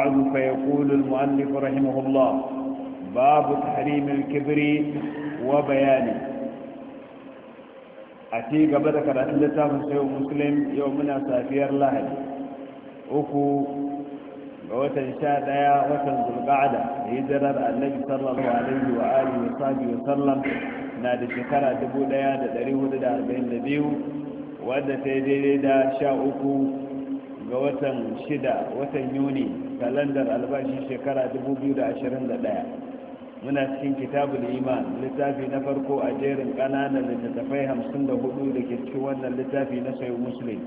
بعد فيقول المؤلف رحمه الله باب تحريم الكبر وبيانه أتي قبل كراتين لتام سيو مسلم يومنا سافير الله أكو وتن شاد يا وتن ذو القعدة هجرة النبي صلى الله عليه وآله وصحبه وسلم نادي شكرا دبو ديا دريو دا بين نبيو ودى سيدي دا شاء ga watan shida watan yuni kalandar albashi shekara 2021 muna cikin kitabul iman littafi na farko a jerin kananan littattafai 54 da ke cikin wannan littafi na sayu musulun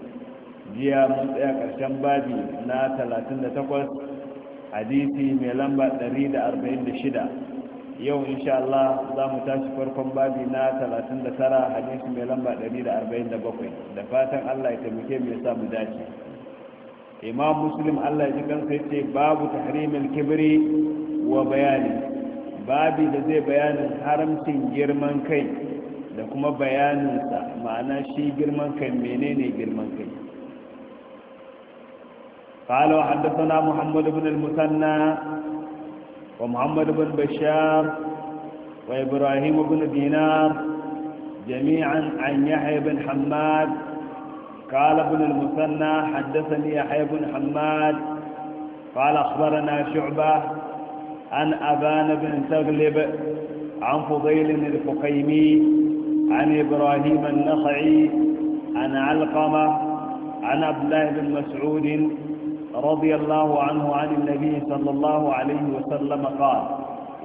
jiya mun tsaya karshen babi na 38 hadisi mai lamba 146 yau insha Allah za mu tashi farkon babi na 39 hadisi mai lamba 147 da fatan Allah ya taimake mu ya sa mu dace imam muslim allah ya ji kansa ya ce babu tahrimin kibri wa bayani babi da zai bayanin haramcin girman kai da kuma bayaninsa ma'ana shi girman kai menene girman kai قال وحدثنا محمد بن المثنى ومحمد بن بشار وإبراهيم بن دينار جميعا عن يحيى بن حماد قال ابن المثنى حدثني يحيى بن حماد قال أخبرنا شعبة عن أبان بن تغلب عن فضيل الفقيمي عن إبراهيم النخعي عن علقمة عن عبد الله بن مسعود رضي الله عنه عن النبي صلى الله عليه وسلم قال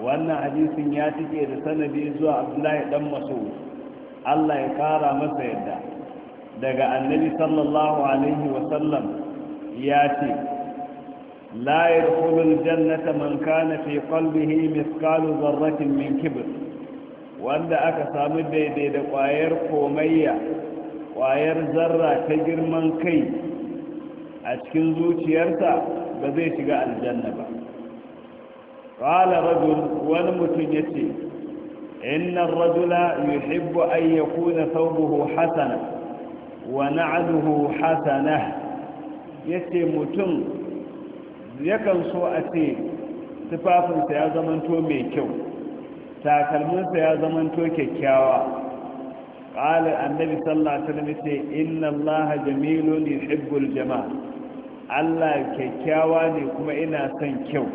وأن حديث ياتي إلى سنة عبد الله بن مسعود الله يكارى مسعده daga annabi sallallahu alaihi wasallam ya ce la kulun jannata man kana fi qalbihi mithqalu dharratin min kibr wanda aka samu daidai da kwayar komayya kwayar zarra ta girman kai a cikin zuciyarsa ba zai shiga aljanna ba qala rajul wani mutum yace inna ar-rajula yuhibbu an yakuna thawbuhu hasana wa na'aduhu hasana yace mutum yakan so a ce tufafinsa ya zamanto mai kyau takalminsa ya zamanto kyakkyawa ƙali annabi sallata da mace inna allaha jamilu ne shibbul jama'a allah kyakkyawa ne kuma ina son kyau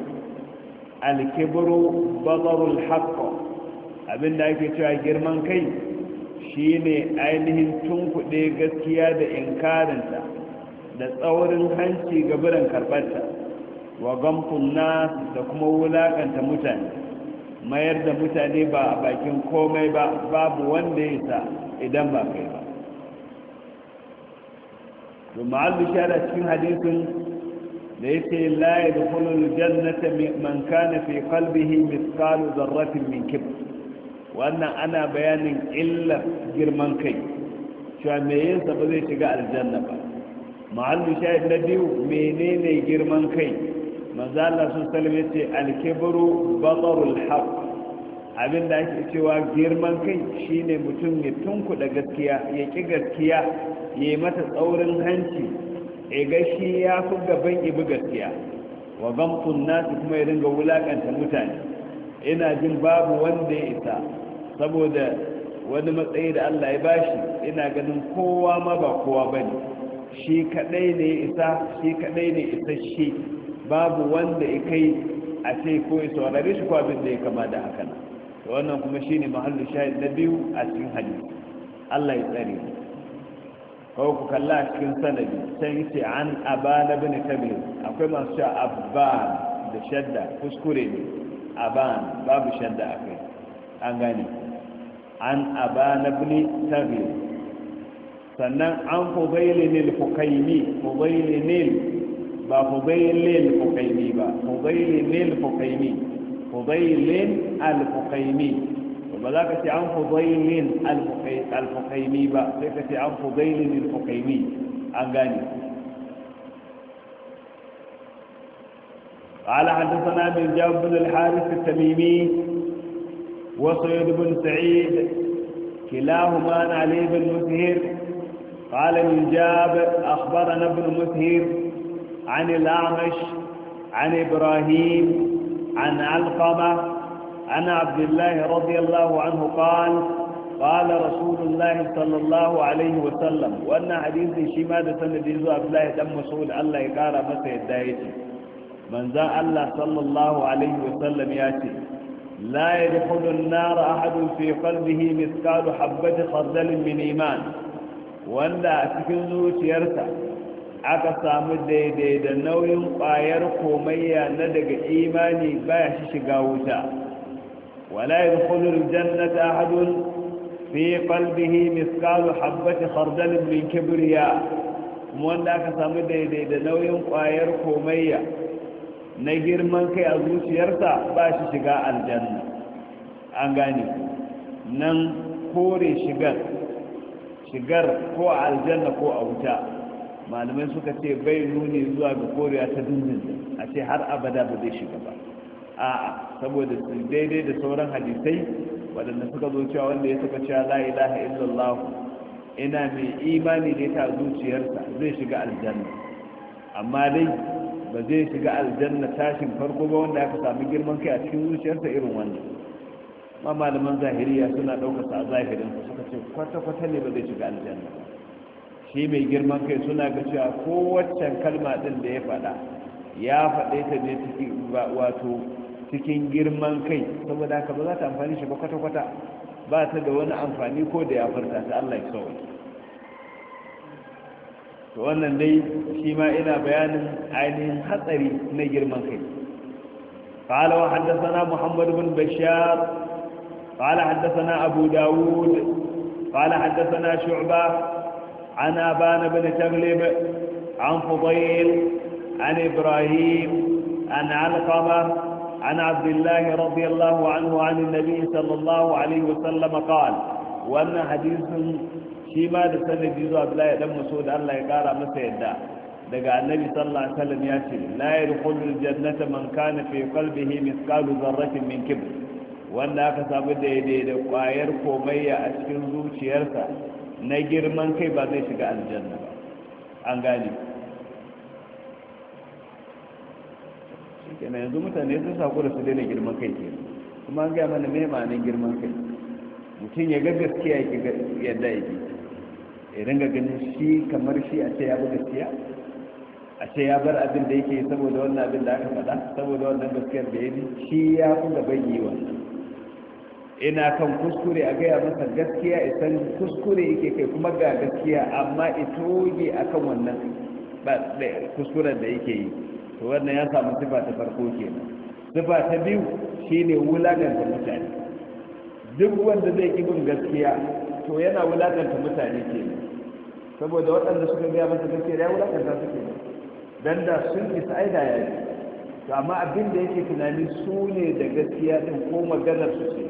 alkibiru bazarul haƙƙo abinda ake cewa girman kai shine ainihin tunkuɗe gaskiya da inkarinta da tsaurin hanci ga birin karɓarta wa gamfun da kuma wulaƙanta mutane mayar da mutane ba a bakin komai ba babu wanda ya sa idan ba kai ba to ma'al bishara cikin hadisin da ya ce la da dukulul jannata mankana fi kalbihi mai tsalu zarrafin min kibir wannan ana bayanin illar girman kai cewa me yinsa ba zai shiga aljanna ba Mahallin shahid na biyu menene girman kai manzo Allah sun salme ce alkibru batarul haq abin da ake cewa girman kai shine mutum ya tunkuda gaskiya ya ki gaskiya ya mata tsaurin hanci ya ga shi ya fi gaban ibi gaskiya wa gamtun nasu kuma ya dinga wulakanta mutane ina jin babu wanda ya isa saboda wani matsayi da Allah ya bashi ina ganin kowa ma ba kowa ne, shi kadai ne isa shi kadai ne babu wanda ya kai a ce ko ya saurare shi ko abin da ya kama da haka to wannan kuma ne mahallin shahid na biyu a cikin hadisi Allah ya tsare kawai ku kalla a cikin sanadi sai yace an abana bin kabir akwai masu cewa da shadda kuskure ne aban babu shadda kai, an gane an abana ibn tabir sannan an fudailin al-hukaimi fudailin ba fudailin al-hukaimi ba fudailin al-hukaimi fudailin al-hukaimi ba za ka ce an fudailin al-hukaimi ba sai ka ce an fudailin al-hukaimi an gane قال حدثنا من جاب بن الحارث التميمي وصيد بن سعيد كلاهما عن علي بن مسهر قال من جاب أخبرنا ابن مسهر عن الأعمش عن إبراهيم عن علقمة عن عبد الله رضي الله عنه قال قال رسول الله صلى الله عليه وسلم وأن حديث شمادة نجيز عبد الله دم مسعود الله يقار متى دايتي من ذا الله صلى الله عليه وسلم ياتي لا يدخل النار أحد في قلبه مثقال حبة خردل من إيمان ولا تكنزو تيرتا aka samu daidai da nauyin ƙwayar komayya na daga imani baya shi shiga wuta wala yadkhulul jannata ahadun fi qalbihi mithqalu habati khardal min kibriya wanda aka samu daidai da nauyin ƙwayar komayya na girman kai a zuciyarsa ba shi shiga aljanna an gane nan kore shigar shigar ko a aljanna ko a wuta malamai suka ce bai nuni zuwa ga korewa ta dindin a ce har abada ba zai shiga ba a'a saboda daidai da sauran hadisai waɗanda suka zo cewa wanda ya suka cewa la ilaha illallah ina mai imani da ta zuciyarsa zai shiga aljanna amma dai ba zai shiga aljanna tashin farko ba wanda aka sami girman kai a cikin zuciyarsa irin wannan ma malaman zahiriya suna ɗaukasa a zahirin suka ce kwata-kwata ne ba zai shiga aljanna shi mai girman kai suna ga cewa kowaccen kalma ɗin da ya faɗa ya faɗe ta ne wato cikin girman kai saboda haka ba za ta amfani shi ba kwata-kwata ba ta da wani amfani ko da ya farta ta allah ya sauwa to wannan dai shi ma ina bayanin ainihin hatsari na girman kai قال وحدثنا محمد بن بشار قال حدثنا أبو داود قال حدثنا شعبة عن أبان بن تغلب عن فضيل عن إبراهيم عن علقمة عن عبد الله رضي الله عنه عن النبي صلى الله عليه وسلم قال وأن حديث shi ma da sanadi zuwa Abdullahi dan da Allah ya kara masa yadda daga Annabi sallallahu alaihi wasallam ya ce la yadkhulu aljannata man kana fi qalbihi mithqalu dharratin min kibr wanda aka samu daidai da kwayar komai a cikin zuciyarsa na girman kai ba zai shiga aljanna ba an gane kenan yanzu mutane sun saku da su daina girman kai ke kuma an gaya mana mai ma'anin girman kai mutum ya ga gaskiya ya yadda yake idan ga ganin shi kamar shi a ce ya bi gaskiya a ce ya bar abin da yake saboda wannan abin da aka faɗa saboda wannan gaskiyar da ya bi shi ya fi bai yi wa. ina kan kuskure a gaya masa gaskiya isan kuskure yake kai kuma ga gaskiya amma itoge a kan wannan kuskuren da yake yi to wannan ya samu sifa ta farko kenan sifa ta biyu shine wulaganta mutane duk wanda zai ki bin gaskiya to yana wulaganta mutane kenan saboda waɗanda suka gaya masa da ya wulakanta su ke dan da sun isa aida ya yi to amma abin da yake tunani su ne da gaskiya din ko maganar su ce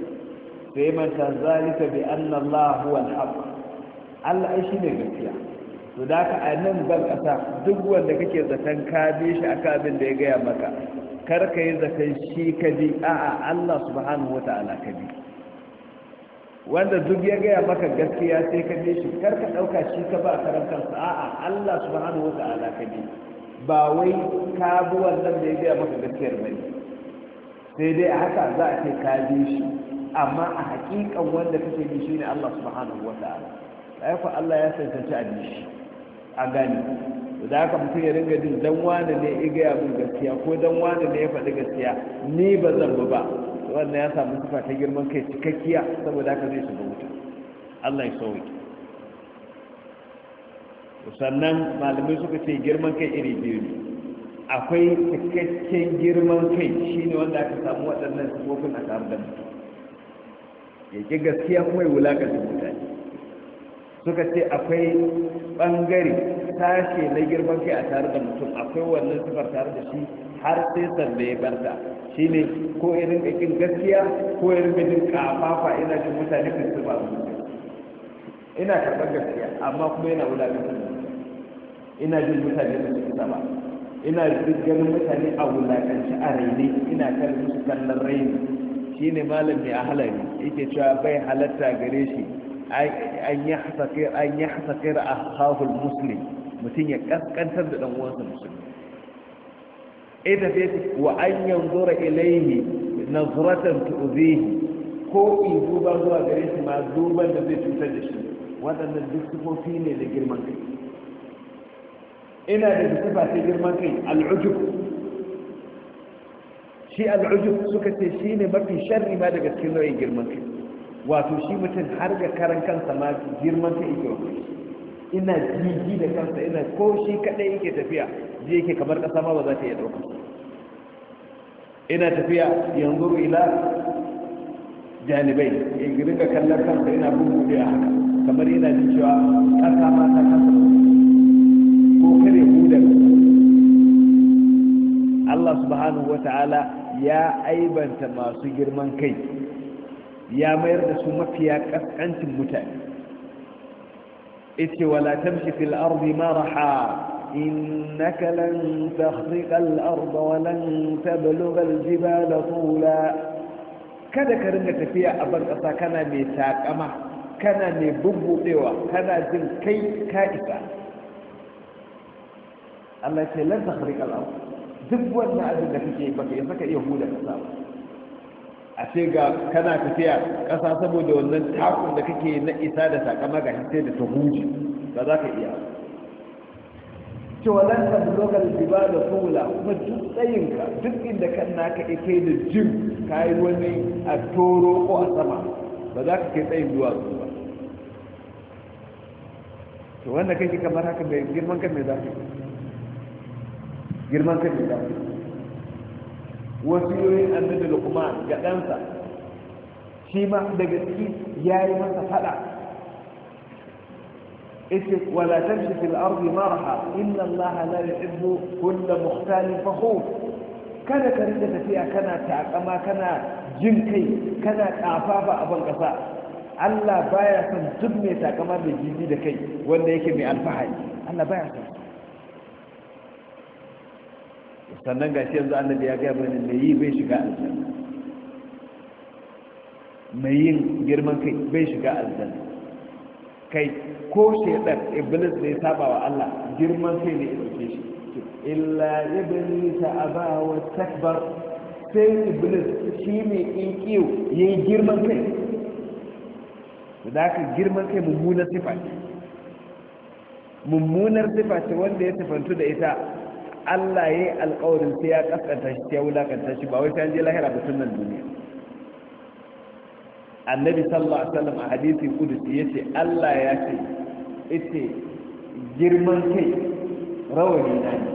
sai manta zalika bi anna Allah huwa al Allah ai shine gaskiya to da ka a nan ban kasa duk wanda kake zaton ka bi shi akan abin da ya gaya maka kar ka yi zaton shi ka bi a'a Allah subhanahu wata'ala ka bi wanda duk ya gaya maka gaskiya sai ka bi shi kar ka ɗauka shi ka ba a karan kansa a'a Allah subhanahu wa ta'ala ka bi ba wai ka bi wannan da ya gaya maka gaskiyar ne sai dai a haka za a ce ka bi shi amma a hakikan wanda kake bi shi ne Allah subhanahu wa ta'ala ai ku Allah ya tantance a bi shi a gani da haka mutum ya ringa jin dan wane ne ya gaya min gaskiya ko dan wane ne ya faɗi gaskiya ni ba zan ba wannan ya samu sifa ta girman kai cikakkiya saboda haka zai shiga wuta Allah ya sauri. sannan malamai suka ce girman kai iri biyu ne akwai cikakken girman kai shine wanda aka samu waɗannan sifofin a tare da mutum ya ke gaskiya kuma ya wulaƙanta mutane suka ce akwai ɓangare tashe na girman kai a tare da mutum akwai wannan sifar tare da shi har sai sanda ya barta shine ko irin rinka gaskiya ko irin rinka ƙafafa ina jin mutane kan su ba ina karɓar gaskiya amma kuma yana wulaƙantar ina jin mutane kan su ba ina jin ganin mutane a wulaƙanci a raine ina kan musu kallon raini shine malam mai ahalari yake cewa bai halatta gare shi an yi hasakir a hafin musulmi mutum ya ƙasƙantar da ɗan uwansa musulmi ita ce wa an yanzura ilaihi nazratan tu'zihi ko in duba zuwa gare shi ma duban da zai cutar da shi waɗannan duk sifofi ne da girman kai ina da sifa ta girman kai al'ujub shi al'ujub suka ce shi ne mafi sharri ma daga cikin nau'in girman kai wato shi mutum har ga karan kansa ma girman kai ke wa ina jiji da kansa ina ko shi kadai yake tafiya je yake kamar kasa ma ba za ta iya dauka ina tafiya yanzu ila janibai in rika kallar kansa ina bugu a haka kamar yana jin cewa kasa ma ta kasa ko kare hudar Allah subhanahu wata'ala ya aibanta masu girman kai ya mayar da su mafiya kaskancin mutane إتي ولا تمشي في الأرض مرحا إنك لن تخرق الأرض ولن تبلغ الجبال طولا كذا كرنة في أبن أسا كان ميتاك أما كان نبب إيوة كان زن كي كائفة الله يقول لن تخرق الأرض دبوا النعب اللي في كيبك يسكى يهودا كسابة a ce ga kana tafiya ƙasa saboda wannan takun da kake na isa da sakama ga hinte da ta ba za ka iya cewa nan kan lokal riba da fula kuma duk tsayinka duk inda kan naka ike da jin yi wani a toro ko a sama ba za ka ke tsayin zuwa su ba to wanda kake kamar haka mai girman kan mai za ka girman kan mai za ka wasiyoyin annabi lukman ga ɗansa shi ma daga ciki ya yi masa faɗa ita wala tamshi fil ardi marha inna allah la yuhibbu kulla muhtalin fakhur kada ka rinda tafiya kana takama kana jin kai kana kafafa a ban ƙasa Allah baya son duk mai takama mai jini da kai wanda yake mai alfahari Allah baya son sannan gashi yanzu annabi ya gaya mana mai yi bai shiga aljanna mai yin girman kai bai shiga aljanna kai ko ɗan iblis ne saba wa Allah girman kai ne ɗauke shi illa iblis aba wa takbar sai iblis shi ne ya yi girman kai da aka girman kai mummunar sifa mummunar sifa ce wanda ya tafantu da ita Allah ya yi alkawarin sai ya kaskanta shi ya wulakanta shi ba wai sai an je lahira ba nan duniya annabi sallallahu alaihi wasallam a hadisi kudusi yace Allah ya ce ite girman kai rawani na ne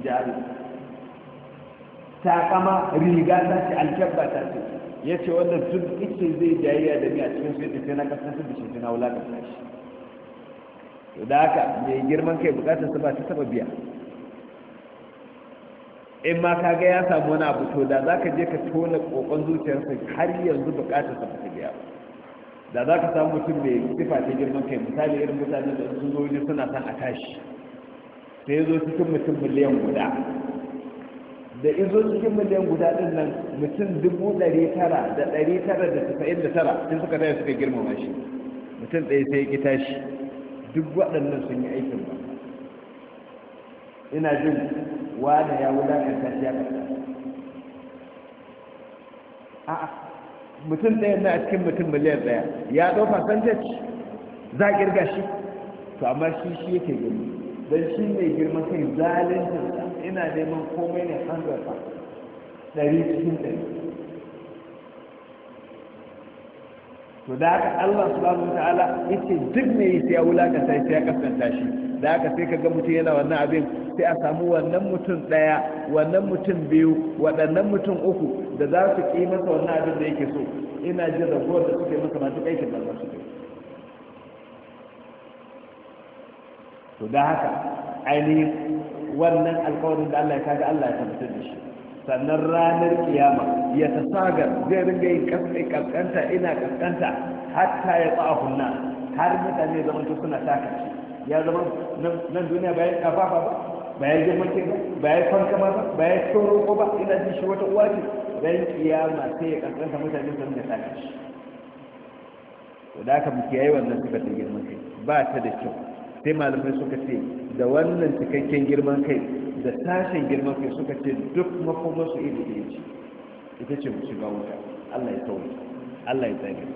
inji Allah takama riga ta ce alkyabba ta ce ya ce wannan duk ite zai jayayya da ni a cikin sai sai na ƙasa da bishe na wulakanta shi to da haka mai girman kai bukatar su ba ta taɓa biya in ma ka ga ya samu wani abu to da za ka je ka tona kokon zuciyarsa har yanzu bukatar sa ta biya da za ka samu mutum mai sifa ta girman kai misali irin mutane da sun zo ne suna son a tashi sai ya zo cikin mutum miliyan guda da in zo cikin miliyan guda din nan mutum dubu ɗari tara da ɗari tara da tasa'in da tara sun suka tashi suka girmama shi mutum ɗaya sai ya ƙi tashi duk waɗannan sun yi aikin ba ina jin da ya wulakanta shi ya a'a mutum ɗaya na a cikin mutum miliyan ɗaya ya ɗau percentage za a girga shi to amma shi shi yake gani don shi mai girma kai zalintarsa ina neman komai ne 100 ɗari cikin ɗari to da haka Allah subhanahu wataala yace duk ne sai ya wulakanta sai ya kasanta shi da haka sai kaga mutum yana wannan abin sai a samu wannan mutum daya wannan mutum biyu waɗannan mutum uku da za su ki masa wannan abin da yake so ina jin ragowar da suke masa masu aikin da za su to da haka ainihin wannan alƙawarin da Allah ya kaga Allah ya tabbatar da shi sannan ranar kiyama ya ta sagar zai ringa yin kaskanta ina kaskanta hatta ya tsawa hunna har mutane zaman to suna taka ya zama nan duniya bayan kafafa ba bayan girman ke ba bayan fankama ba bayan tsoro ko ba ina ji shi wata uwa ce ran kiyama sai ya kaskanta mutane su ringa taka shi to da aka mu kiyaye wannan suka ta girman kai ba ta da kyau sai malamai suka ce da wannan cikakken girman kai da tashin girman ke suka ce duk makomar su iri da ce ita ce mu shiga wuta Allah ya tsawo Allah ya tsare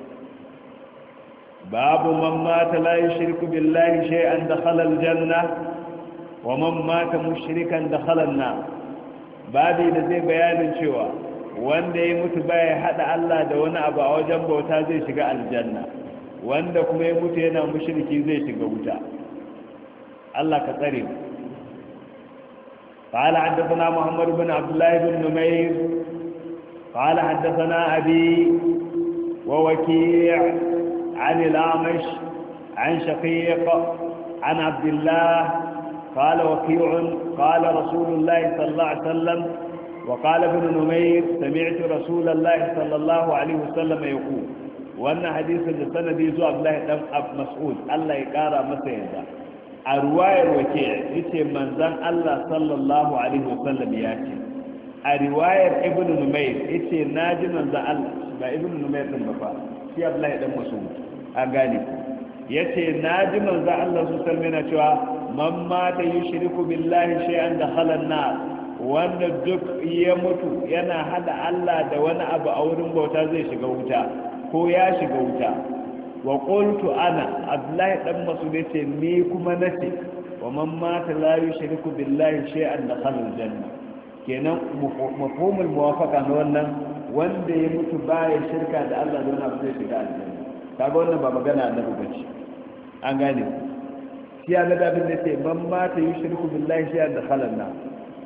babu man mata la yushriku billahi shay'an dakhala janna, wa man mata mushrikan dakhala an-nar babu da zai bayanin cewa wanda ya mutu baya hada Allah da wani abu a wajen bauta zai shiga aljanna wanda kuma ya mutu yana mushriki zai shiga wuta Allah ka tsare mu قال حدثنا محمد بن عبد الله بن نمير قال حدثنا أبي ووكيع عن الامش عن شقيق عن عبد الله قال وكيع قال رسول الله صلى الله عليه وسلم وقال ابن نمير سمعت رسول الله صلى الله عليه وسلم يقول وأن حديث السنة دي زو عبد الله بن مسعود الله يقارى مسعود a ruwayar wake yace manzan Allah sallallahu alaihi wasallam ya ce a riwayar ibn numair yace naji manzan Allah ba ibn numair din ba fa shi Abdullahi dan Mas'ud ya ce yace naji manzan Allah sallallahu alaihi wasallam ya cewa man mata yushriku billahi shay'an dakhala an-nar wanda duk ya mutu yana hada Allah da wani abu a wurin bauta zai shiga wuta ko ya shiga wuta wa qultu ana abdullahi dan masu ne ce ni kuma nace wa man mata la yushriku billahi shay'an dakhala aljanna kenan mafhumul muwafaqa na wannan wanda ya mutu baya shirka da Allah da wani abu zai shiga aljanna kaga wannan ba magana annabi bace an gane shi ya ga bin ne ce man mata yushriku billahi shay'an dakhala na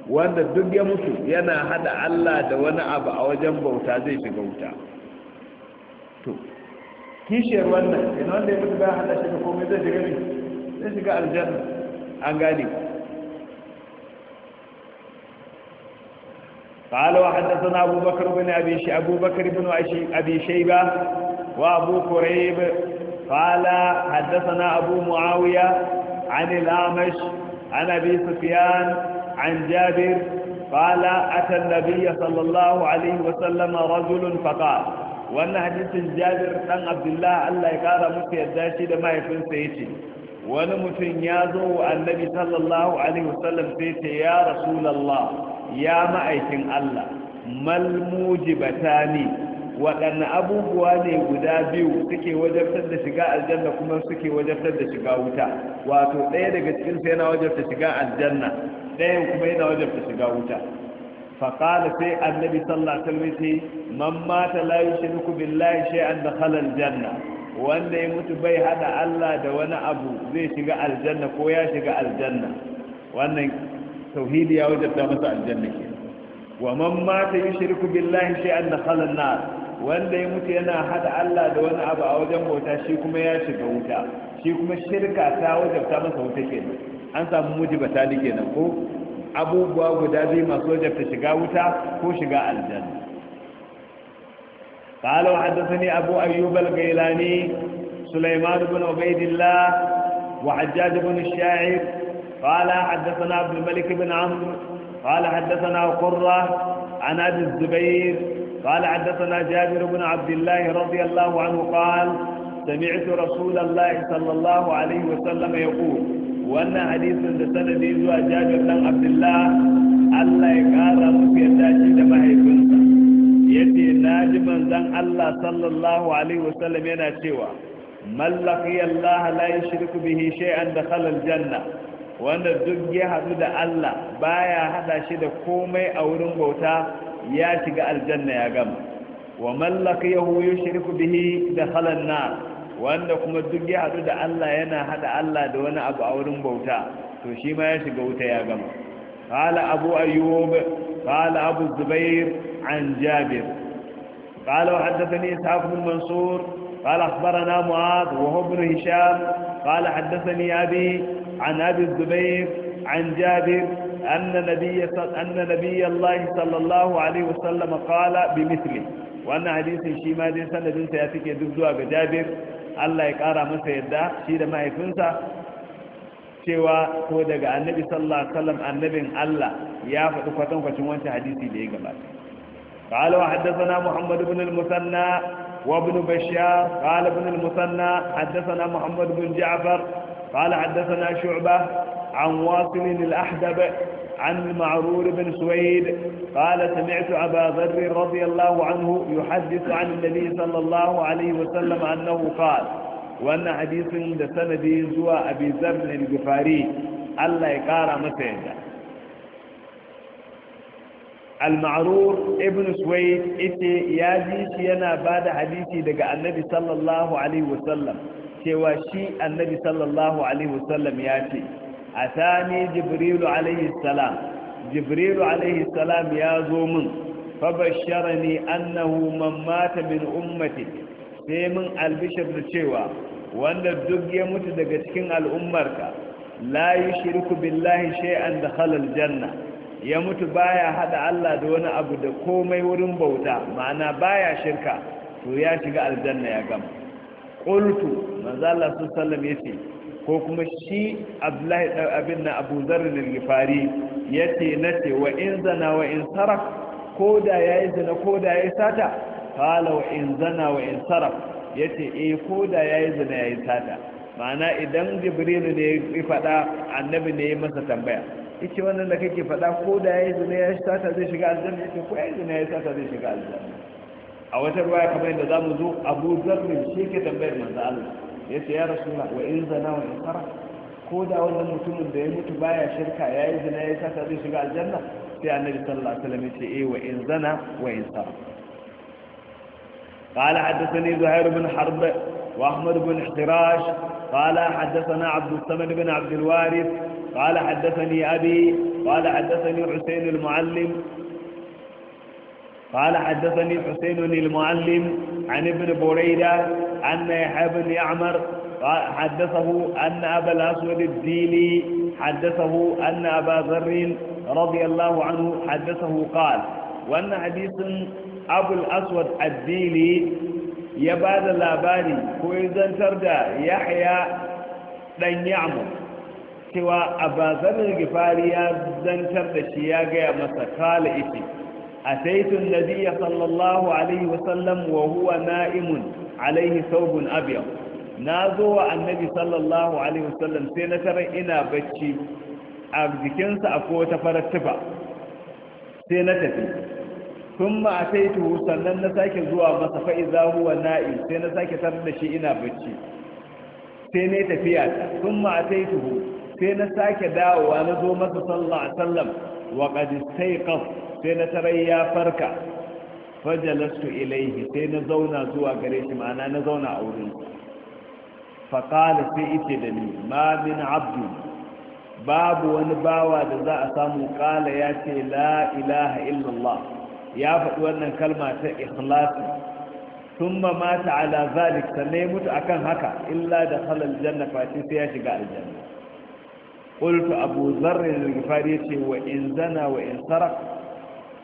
wanda duk ya mutu yana hada Allah da wani abu a wajen bauta zai shiga wuta to kishiyar wannan ina wanda ya mutu bayan hada shi da komai zai shiga ne zai shiga aljanna an gane قال وحدثنا أبو بكر بن أبي شي أبو بكر بن أبي شيبة وأبو كريب قال حدثنا أبو معاوية عن الأعمش عن أبي سفيان عن جابر قال أتى النبي صلى الله عليه وسلم رجل فقال wannan hadisin jabir dan abdullah Allah ya kara musu yadda shi da mahaifinsa yace wani mutum ya zo wa annabi sallallahu alaihi wasallam sai ce ya rasulullah ya ma'aikin Allah mal batani waɗanne abubuwa ne guda biyu suke wajabtar da shiga aljanna kuma suke wajabtar da shiga wuta wato ɗaya daga cikinsu yana wajabta shiga aljanna ɗayan kuma yana wajabta shiga wuta faƙala sai annabi sallallahu alaihi wasallam man mata la yushriku billahi shay'an dakhala aljanna wanda ya mutu bai hada Allah da wani abu zai shiga aljanna ko ya shiga aljanna wannan tauhidi ya wajabta masa aljanna ke wa man mata yushriku billahi shay'an dakhala an-nar wanda ya mutu yana hada Allah da wani abu a wajen bauta shi kuma ya shiga wuta shi kuma shirka ta wajabta masa wuta kenan an samu mujibata kenan ko abubuwa guda biyu masu wajabta shiga wuta ko shiga aljanna قال وحدثني أبو أيوب الغيلاني سليمان بن عبيد الله وحجاج بن الشاعر قال حدثنا عبد الملك بن عمرو قال حدثنا قرة عن أبي الزبير قال حدثنا جابر بن عبد الله رضي الله عنه قال سمعت رسول الله صلى الله عليه وسلم يقول wannan hadisin da sanadi zuwa jabir dan abdullah Allah ya kara musu yadda shi da mahaifinsa yace na ji manzan Allah sallallahu alaihi wasallam yana cewa man laqiya Allah la yushriku bihi shay'an dakhala janna. wanda duk ya hadu da Allah baya hada shi da komai a wurin bauta ya shiga aljanna ya gama wa mallaka laqiyahu yushriku bihi dakhala an-nar wanda kuma duk ya haɗu da Allah yana haɗa Allah da wani abu a wurin bauta to shi ma ya shiga wuta ya gama qala abu ayyub qala abu zubair an jabir qala hadathani ishaq bin mansur qala akhbarana muad wa huwa ibn hisham qala hadathani abi an abi zubair an jabir أن نبي, أن نبي الله صلى الله عليه وسلم قال بمثله وأن حديث الشيما دي سنة دي سيأتيك يدفزوها بجابر Allah ya ƙara masa yadda shi da mahaifinsa cewa ko daga annabi sallallahu alaihi wasallam annabin Allah ya faɗi kwatankwacin wancan hadisi da ya gabata قال وحدثنا محمد بن المثنى وابن بشار قال ابن المثنى حدثنا محمد بن جعفر قال حدثنا شعبة عن واصل الأحدب عن معرور بن سويد قال سمعت أبا ذر رضي الله عنه يحدث عن النبي صلى الله عليه وسلم أنه قال وأن حديث سندي زوى أبي ذر الجفاري ألا يقارى مسيدا المعرور ابن سويد إتي ياجيش ينا بعد حديثي دقاء النبي صلى الله عليه وسلم شوى شيء النبي صلى الله عليه وسلم ياتي atani jibrilu alaihi salam jibrilu alaihi salam ya zo min fabasharani annahu man min ummati sai min albishir da cewa wanda duk ya mutu daga cikin al'ummarka la yushriku billahi shay'an khalal janna. ya mutu baya hada Allah da wani abu da komai wurin bauta ma'ana baya shirka to ya shiga aljanna ya gama qultu manzo Allah sallallahu alaihi wasallam yace ko kuma shi abdullahi abin na abu zarrin gifari ya na ce wa in zana wa in saraf ko da ya yi zana ko da ya yi sata kala wa in zana wa in saraf yace eh e ko da ya yi zana ya yi sata ma'ana idan jibrilu ne ya fada annabi ne ya masa tambaya yace wannan da kake fada ko da ya yi zana ya yi sata zai shiga aljanna yace ko ya yi zana ya yi sata zai shiga aljanna a wata ruwaya kamar yadda zamu zo abu zarrin shi ke tambayar manzo Allah ya ce ya rasu na wa in zana wa in sara ko da wannan mutumin da ya mutu baya shirka ya yi zina ya sata zai shiga aljanna sai annabi sallallahu alaihi wasallam ya ce eh wa in zana wa in sara قال حدثني زهير بن حرب وأحمد بن احتراش قال حدثنا عبد الصمد بن عبد الوارث قال حدثني أبي قال حدثني حسين المعلم قال حدثني حسين المعلم عن ابن بريدة عن يحيى بن يعمر حدثه أن أبا الأسود الديلي حدثه أن أبا ذر رضي الله عنه حدثه قال وأن حديث أبو الأسود الديلي يباد اللاباني كويزا تردى يحيى لن يعمر سوى أبا ذر الغفاري زنتر دشياغ مسكال إسي أتيت النبي صلى الله عليه وسلم وهو نائم عليه ثوب أبيض نازو النبي صلى الله عليه وسلم سينتر إنا بتشي أبدكنس أفوت فرتفع سينتفي ثم أتيته سنن نساك زوا مس فإذا هو نائم سينساك تردشي إنا بتشي سينتفيات ثم أتيته سينساك داو ونزو مس صلى الله عليه وسلم وقد استيقظ sai na tarai ya farka fajalastu ilaihi sai na zauna zuwa gare shi ma'ana na zauna a wurin faƙala sai ite da ni ma min abdu babu wani bawa da za a samu ƙala ya ce la ilaha illallah ya faɗi wannan kalma ta ikhlasi thumma mata ala zalik sannan ya mutu akan haka illa da halal janna face sai ya shiga aljanna qultu abu dharr al-ghifari ce wa in zana wa in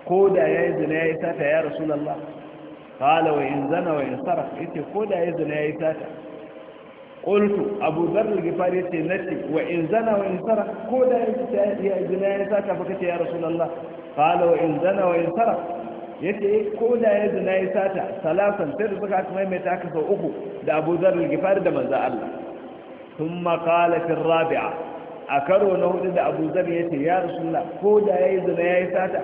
كودا يزنى يتاتا يا رسول الله قال وإن زنى وإن صرف إتي كودا يزنى يتاتا قلت أبو ذر القفار إتي نتي وإن زنى وإن صرف كودا يزنى يتاتا فكتي يا رسول الله قال وإن زنى وإن صرف يتي كودا يزنى يتاتا ثلاثا ترزقا كمين متاكسة أخو دا أبو ذر القفار دا من الله ثم قال في الرابعة أكروا نهو أبو ذر يتي يا رسول الله كودا يزنى يتاتا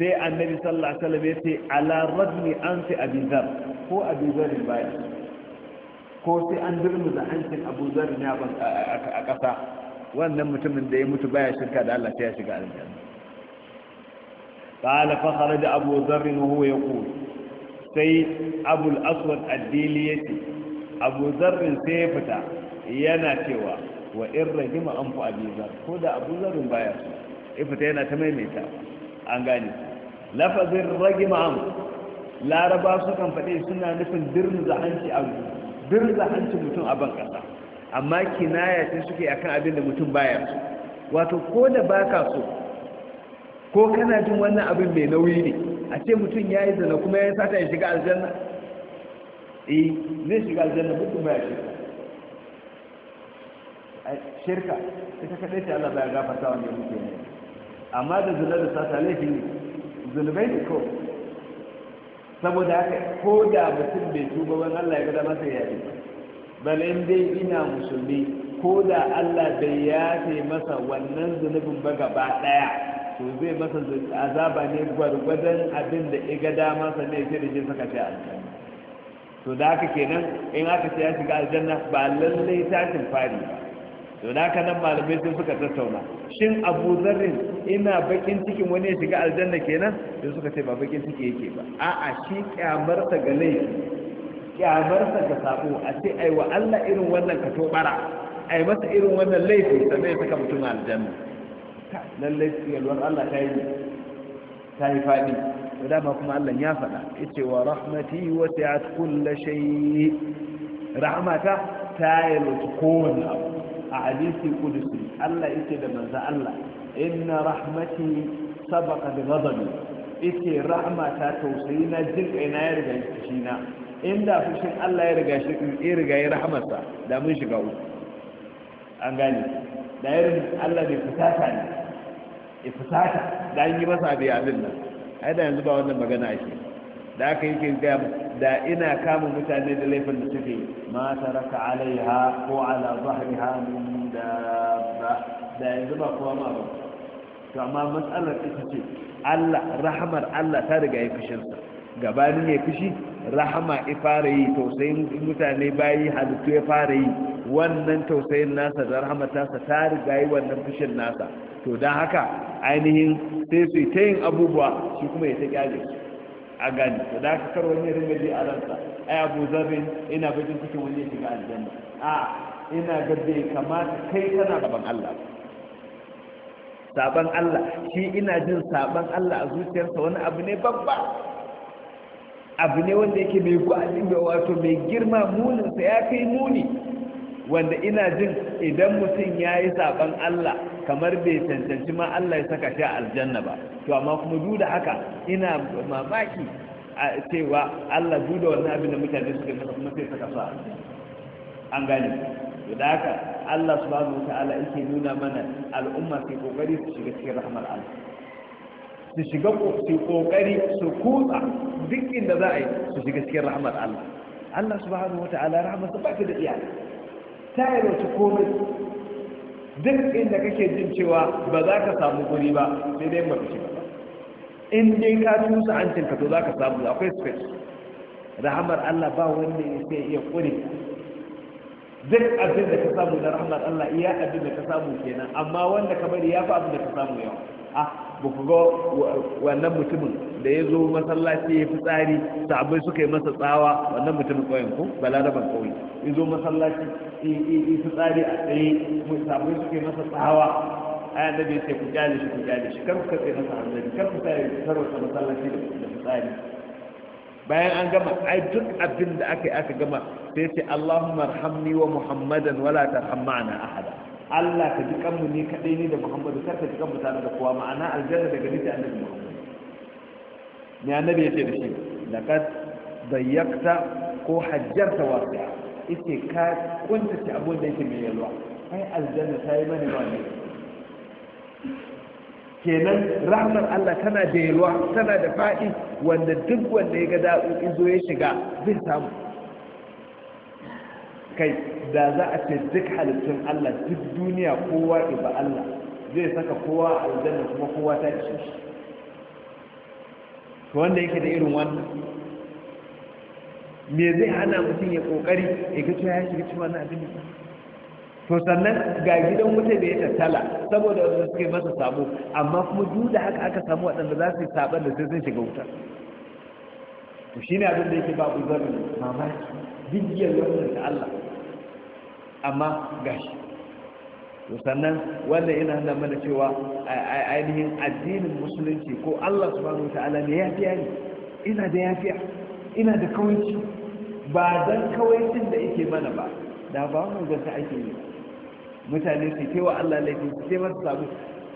sai annabi sallallahu alaihi wasallam yace ala radni anfi abi ko abi bai ko sai an durmuza hancin abu dhar ne a kasa wannan mutumin da ya mutu baya shirka da Allah sai ya shiga aljanna qala fa kharaja abu dhar wa huwa sai abu al-aswad ad-dili yace sai ya fita yana cewa wa in rahima anfu abi dhar ko da ya fita yana ta maimaita an gane lafazin ragi ma'am laraba sukan faɗe suna nufin dirza hanci a dirza hanci mutum a ban ƙasa amma kinaya ce suke akan abin da mutum baya su wato ko da baka so ko kana jin wannan abin mai nauyi ne a ce mutum ya yi zana kuma ya sata ya shiga aljanna eh zai shiga aljanna mutum baya a shirka ita kaɗai ta Allah baya gafarta wanda ya mutu ne amma da zina da sata laifi ne zunubai ne ko saboda haka ko da mutum bai tuba wani Allah ya gada masa yafi bal in dai ina musulmi ko da Allah bai yafe masa wannan zunubin ba gaba daya to zai masa azaba ne gwargwadon abin da ya gada masa ne sai da shi saka shi aljanna to da haka kenan in aka ce ya shiga aljanna ba lallai tashin fari ba to nan malamai sun suka tattauna shin abu zarrin ina bakin cikin wani ya shiga aljanna kenan sai suka ce ba bakin ciki yake ba a'a shi kyamarsa ga laifi kyamarsa ga sabo a ce ai wa Allah irin wannan ka to bara ai masa irin wannan laifi sannan ya saka mutum aljanna lallai yalwar Allah ta yi ta yi fadi to dama kuma Allah ya faɗa yace wa rahmati wasi'at kulli shay rahmata ta yalwata kowanne abu a hadisi kudusi Allah yake da manzo Allah inna rahmati sabaqa bi ghadabi yake rahma ta tausayi na jin kai na ya riga shi na inda fushin Allah ya riga shi ya riga ya rahmarsa da mun shiga uku an gane da yarin Allah bai fusata ne ya fusata da an yi masa biya abin nan ai da yanzu ba wannan magana ake da aka yi da ina kama mutane da laifin da suke ma raka alaiha ko ala zahriha da ba da ya zuba kowa ma ba to amma matsalar ita ce Allah rahamar Allah ta riga ya fushin sa gabanin ya fushi rahama ya fara yi tausayin mutane bayi halittu ya fara yi wannan tausayin nasa da rahama tasa ta riga yi wannan fushin nasa to don haka ainihin sai su yi ta yin abubuwa shi kuma ya ta kyale su a gani to da aka karo wani ya gaji a ransa ai abu zarin ina bakin cikin wani ya shiga aljanna a ina ga bai kamata kai kana gaban Allah saban Allah shi ina jin saban Allah a zuciyarsa wani abu ne babba abu ne wanda yake mai gwanin wato mai girma muninsa ya kai muni wanda ina jin idan mutum ya yi saɓan Allah kamar bai cancanci ma Allah ya saka shi a aljanna ba to amma kuma duk da haka ina mamaki a cewa Allah duk da wannan abin da mutane suka saka kuma sai saka sa an gane to da haka Allah subhanahu wataala yake nuna mana al'umma sai kokari su shiga cikin rahmar Allah su shiga su kokari su kutsa duk inda za a yi su shiga cikin rahmar Allah Allah subhanahu wataala rahmar sa ba ta da iyaka ta yalwaci komai duk inda kake jin cewa ba za ka samu guri ba sai dai mafi ba in dai ka tusa an cinka to za ka samu akwai space rahamar Allah ba wanda ya sai iya kure duk abin da ka samu na rahamar Allah iya abin da ka samu kenan amma wanda ka bari ya fi abin da ka samu yau. ba ku ga wannan mutumin da ya zo masallaci ya fi tsari sabai suka yi masa tsawa wannan mutumin ƙauyen ko balaraban ƙauye ya zo masallaci ya fi tsari a tsaye sabai suka yi masa tsawa a yadda bai sai ku kyale shi ku kyale shi kar ku katse masa hanzari kar ku sa ya masallaci da fitsari bayan an gama ai duk abin da aka yi aka gama sai ce Allahumma arhamni wa Muhammadan wala tarham ma'ana ahada Allah ka ji kanmu ne kaɗai ne da Muhammadu kar ka ji kanmu tare da kowa ma'ana aljanna daga nita annabi Muhammadu ne annabi yace da shi laqad bayyakta ko hajjarta wasi'a yace ka ci abun da yake mai yalwa ai aljanna ta yi mani ba ne kenan rahmar Allah tana da yalwa tana da faɗi wanda duk wanda ya ga da'u izo ya shiga zai samu kai da za a ce duk halittun Allah duk duniya kowa iba Allah zai saka kowa a aljanna kuma kowa ta ce to wanda yake da irin wannan me zai hana mutum ya kokari ya ga cewa ya shiga cikin wannan abin to sannan ga gidan wuta da ya tattala saboda wanda suke masa sabo, amma kuma duk da haka aka samu waɗanda za su yi saɓar da sai sun shiga wuta to shine abin da yake ba ku zarin mamaki duk yalwar da Allah amma gashi to sannan wannan ina hana mana cewa ainihin addinin musulunci ko Allah subhanahu Ta'ala ne ya fiya ne ina da yafiya ina da kawanci ba dan kawancin da yake mana ba da ba mu zanta ake yi mutane su cewa Allah laifi su ce masa samu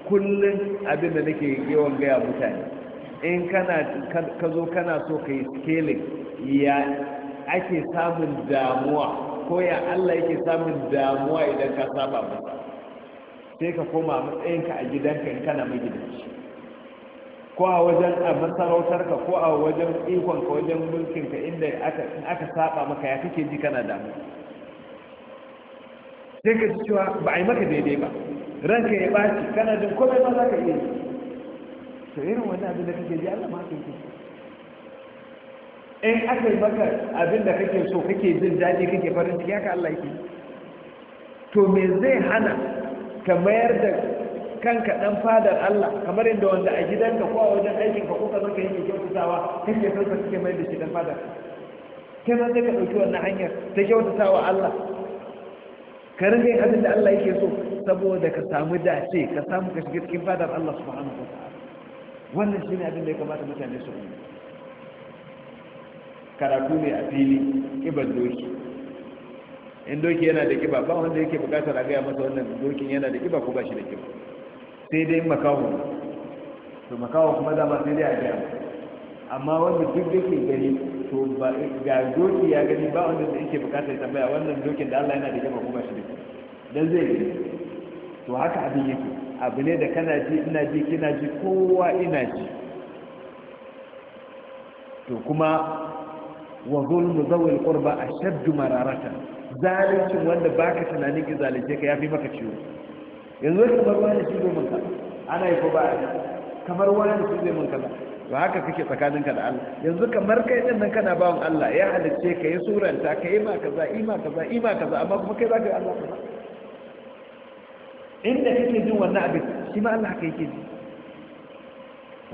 kullum abin da nake yawan gaya mutane in kana ka zo kana so ka yi scaling ya ake samun damuwa koya Allah yake samun damuwa idan ka saba masa sai ka koma matsayinka a gidanka in kana magidanci ko a wajen a ka ko a wajen ikonka wajen mulkin ka, inda aka saba maka ya kake ji kana damu sai ka ji cewa ba a yi maka daidai ba ranka ya ɓaci kana jin komai ma za ka iya yi. to irin wani abin da kake ji Allah ma ka yi in aka yi maka abin kake so kake jin daɗi kake farin ciki haka Allah yake to me zai hana ka mayar da kanka dan fadar Allah kamar yadda wanda a gidanka ko a wajen aikin ka kuka zaka yake kyautatawa kake son kake mayar da shi dan fadar kai ma sai ka dauki wannan hanyar ta kyautatawa Allah ka rinka abin da Allah yake so saboda ka samu dace ka samu ka shiga cikin fadar Allah subhanahu wa ta'ala wannan shine abin da ya kamata mutane su yi karatu ne a fili kibar doki in doki yana da kiba ba wanda yake bukatar a gaya masa wannan dokin yana da kiba ko ba shi da kiba sai dai makawo to makawo kuma dama sai dai a gaya amma wanda duk da ke gani to ga doki ya gani ba wanda da yake bukatar tambaya wannan dokin da Allah yana da kiba ko ba shi da kiba dan zai gani to haka abin yake abu ne da kana ji ina ji kina ji kowa ina ji to kuma wa zulmu zawil qurba ashaddu mararata zalincin wanda baka tunanin ki zalunce ka yafi maka ciwo yanzu kamar wani shi zai mun kaza ana yi ko ba kamar wani shi zai mun kaza to haka kake tsakaninka da Allah yanzu kamar kai din nan kana bawon Allah ya halicce ka yi suranta ka yi ma kaza ma kaza ma kaza amma kuma kai zaka yi Allah kaza inda kake jin wannan abin shi ma Allah ka yake ji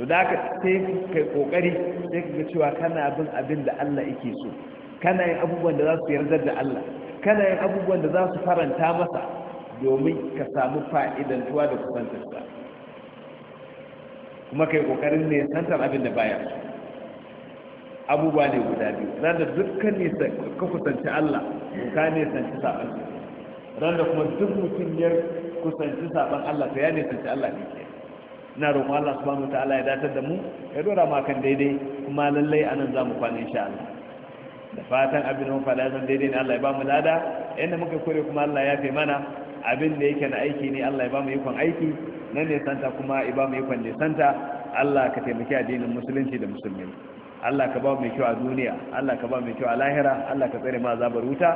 to da ka sai kai kokari sai ka cewa kana bin abin da Allah yake so kana yin abubuwan da za su yarda da Allah kana yin abubuwan da za su faranta masa domin ka samu fa'idantuwa da kusantarsa kuma kai kokarin ne santar abin da baya abubuwa ne guda biyu ran da dukkan ne ka kusanci Allah ka ne sanci saban ran da kuma duk mutum ya kusanci saban Allah to ya ne sanci Allah ne ke na roƙon Allah subhanahu ta'ala ya datar da mu ya dora mu kan daidai kuma lallai anan za mu kwana insha Allah da fatan abin da mun faɗa zan daidai ne Allah ya bamu lada yanda muka kore kuma Allah ya fi mana abin da yake na aiki ne Allah ya bamu ikon aiki nan ne santa kuma ya bamu ikon ne santa Allah ka taimaki addinin musulunci da musulmi Allah ka ba mu kyau a duniya Allah ka ba mu kyau a lahira Allah ka tsare mu azabar wuta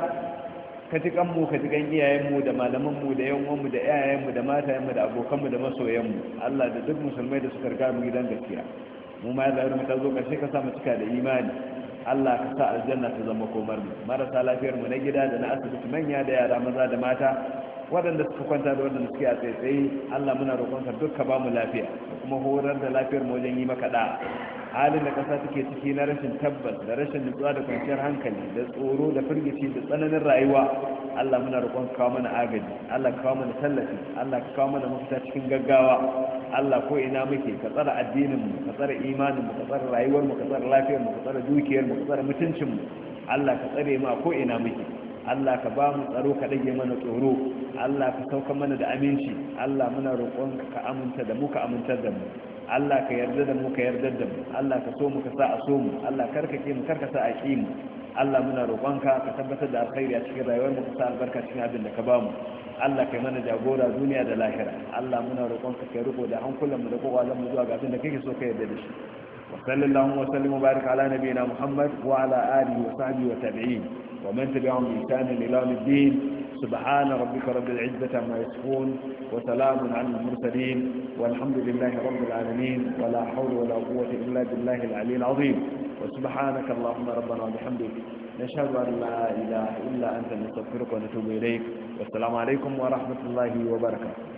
ka ji kanmu ka ji kan iyayenmu da malamanmu da yawanmu da iyayenmu da matayenmu da abokanmu da masoyanmu Allah da duk musulmai da suka riga mu gidan gaskiya mu ma ya mu ta zo ƙarshe ka sa mu cika da imani Allah ka sa aljanna ta zama komar mu marasa lafiyar mu na gida da na asibiti manya da yara maza da mata waɗanda suka kwanta da waɗanda suke a tsaitsaye Allah muna roƙonka duk ka ba mu lafiya kuma horar da lafiyar mu wajen yi maka halin da ƙasa take ciki na rashin tabbas da rashin nutsuwa da kwanciyar hankali da tsoro da firgici da tsananin rayuwa Allah muna roƙonka kawo mana agaji Allah ka kawo mana tallafi Allah ka kawo mana mafita cikin gaggawa Allah ko ina muke ka tsara addinin mu ka tsara imanin mu ka tsara rayuwar mu ka tsara lafiyar mu ka tsara dukiyar mu ka tsara mutuncin mu Allah ka tsare mu a ko ina muke Allah ka ba mu tsaro ka dage mana tsoro Allah ka sauka mana da aminci Allah muna roƙon ka aminta da mu ka amintar da mu Allah ka yarda da mu ka yarda da mu Allah ka so mu ka sa a so mu Allah karka ke mu karka sa a ki mu Allah muna roƙonka ka tabbatar da alkhairi a cikin rayuwar mu ka sa albarka cikin abin da ka bamu Allah kai mana jagora duniya da lahira Allah muna roƙonka kai riko da hankulan mu da kokarin mu zuwa ga abin da kake so ka yarda da shi wa sallallahu wa sallim wa barik ala nabiyyina Muhammad wa ala alihi wa sahbihi wa tabi'in wa man tabi'ahum bi سبحان ربك رب العزة ما يصفون وسلام على المرسلين والحمد لله رب العالمين ولا حول ولا قوة إلا بالله العلي العظيم وسبحانك اللهم ربنا وبحمدك نشهد أن لا إله إلا أنت نستغفرك ونتوب إليك والسلام عليكم ورحمة الله وبركاته